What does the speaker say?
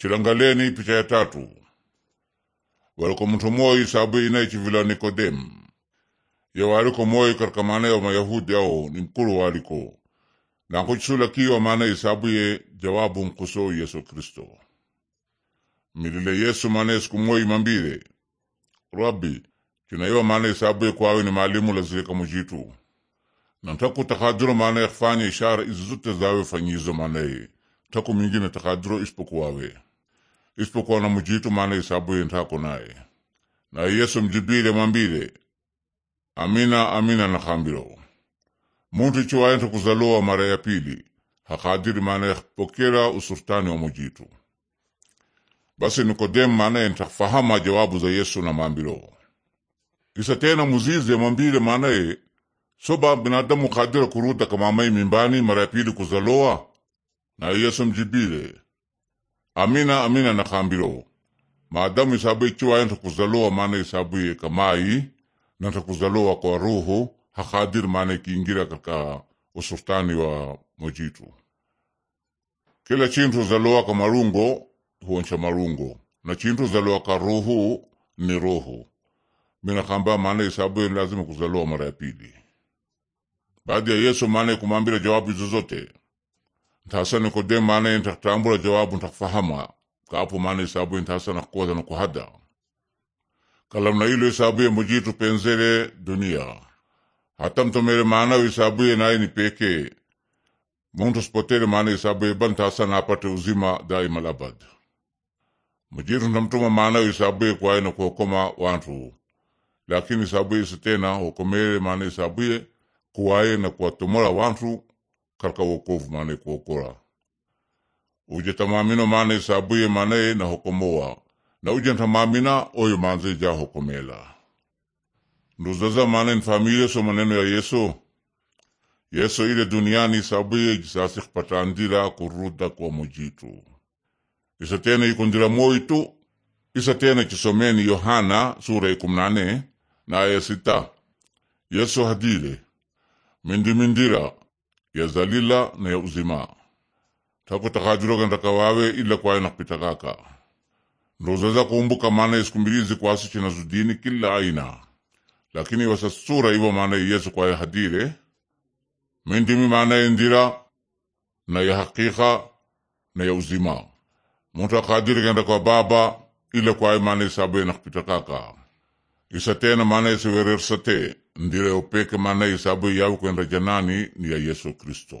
Chilangaleni picha ya tatu waliko mtu moyi sabuinai chivila Nikodemu yawaliko moyi karka ya Mayahudi ao ni mkulu waliko nankochisulakiwa maanaye sabuye jawabu mkuso Yesu Kristo milile Yesu maanaye siku moyi mambile Rabi chinaiwa maanaye sabuye kwawe ni maalimu lazileka mujitu nantaku takadiro ya kufanya ishara izi zawe fanyizo maanaye taku mingine takadiro isipokuwawe isipokuwa na mujitu maana isabu yentako naye na yesu mjibile mwambile amina amina nakambiro muntu chiwaenta kuzalowa mara ya pili hakadiri maana pokera usultani wa mujitu basi nikodemu maana entakufahama jawabu za yesu na mambilo kisa tena muzize mwambile maanaye soba binadamu kadira kuruda kamamai mimbani mara ya pili kuzalowa na yesu mjibile amina amina nakambilo maadamu isabu ichiwayo ntakuzalowa maana isabu yekamai na ntakuzalowa kwa ruhu hakadir maana ikiingira katika usultani wa mojitu kila chintu zaloa ka marungo huoncha marungo na chintu zalowa ka ruhu ni ruhu minakamba maana isabu lazima kuzalowa mara ya pili baada ya yesu maana ikumambira jawabu izozote ntaasa nikodee maana ntakutambula jawabu ntakufahama kaapo maana isabuye ntaasa nakukoza nakuhada kalamna ilo isabuye mujitu penzele dunia hata mtomele maanawe isabuye naye ni pekee muntu sipotele maana isabuye bali ntaasa napate uzima daima labad mujitu ntamtuma maanawe isabuye kwaye nakuhokoma wantu lakini isabuye isitena hokomele maana isabuye kuwaye nakuwatomora wantu kalka wokovu manaye kuokora uje tamamino manaye sabuye manaye na hokomoa na uje tamamina oyo manze ja hokomela nduzaza manaye nfamilia so maneno ya yesu yesu ile duniani sabuye jisasi kupatandira kuruda kwa mujitu isa tena ikundira moitu isa tena kisomeni yohana sura ya kumi na nane na aya sita yesu hadile mindimindira ya zalila na ya uzima tako takajuroganda kawawe ila kwayo nakupitagaka ndozaza kuumbuka maana isikumbirizi china zudini kila aina lakini wasasura iwo maana yesu kwayo hadire mindimi maana ndira na ya hakika na ya uzima muntu akadirigenda kwa baba ila mana maana nakupitakaka nakupitagaka isatena maana isiwerersate ndire opeke mana isabu yawu kwenda janani ni ya Yesu Kristo